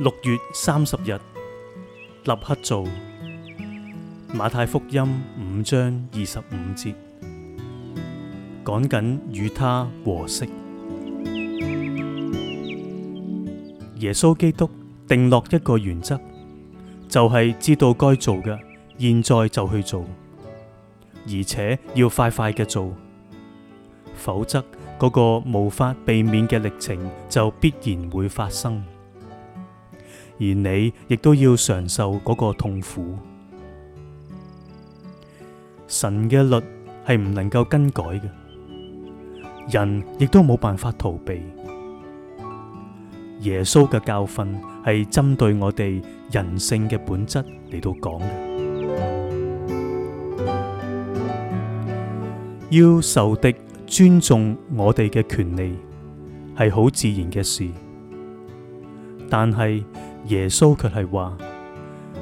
六月三十日，立刻做馬太福音五章二十五節，趕緊與他和息。耶穌基督定落一個原則，就係、是、知道該做嘅，現在就去做，而且要快快嘅做，否則嗰個無法避免嘅歷程就必然會發生。而你亦都要承受嗰個痛苦。神嘅律係唔能夠更改嘅，人亦都冇辦法逃避。耶穌嘅教訓係針對我哋人性嘅本質嚟到講嘅，要受敵尊重我哋嘅權利係好自然嘅事，但係。耶穌卻係話：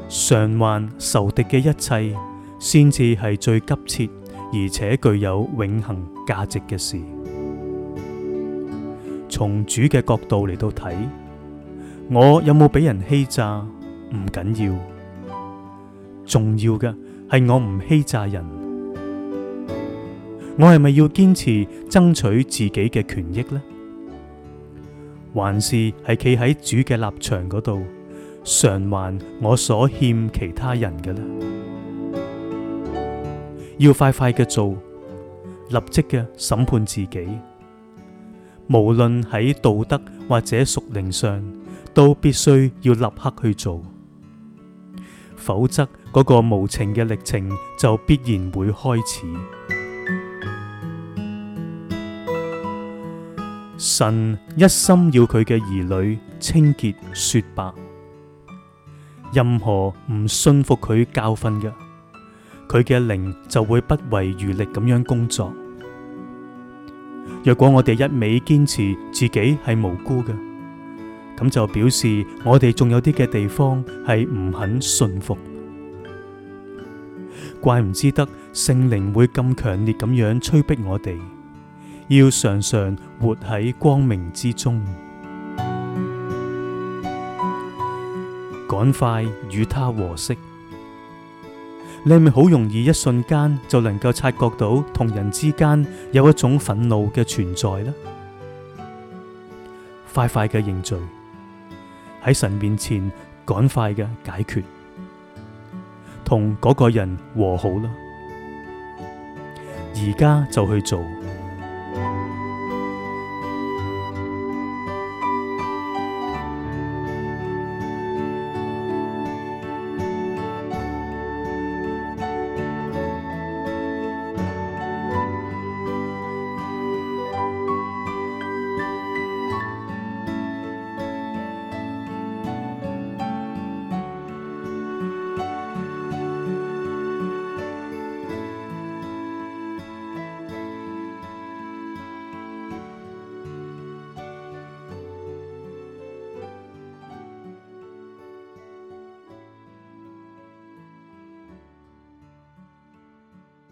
償還仇敵嘅一切，先至係最急切而且具有永恒價值嘅事。從主嘅角度嚟到睇，我有冇俾人欺詐唔緊要，重要嘅係我唔欺詐人。我係咪要堅持爭取自己嘅權益呢？還是係企喺主嘅立場嗰度償還我所欠其他人嘅啦，要快快嘅做，立即嘅審判自己，無論喺道德或者屬靈上，都必須要立刻去做，否則嗰個無情嘅歷程就必然會開始。神一心要佢嘅兒女清潔雪白，任何唔信服佢教訓嘅，佢嘅靈就會不遺餘力咁樣工作。若果我哋一味堅持自己係無辜嘅，咁就表示我哋仲有啲嘅地方係唔肯信服，怪唔之得聖靈會咁強烈咁樣催逼我哋。要常常活喺光明之中，趕快與他和息。你係咪好容易一瞬間就能夠察覺到同人之間有一種憤怒嘅存在呢？快快嘅認罪，喺神面前趕快嘅解決，同嗰個人和好啦。而家就去做。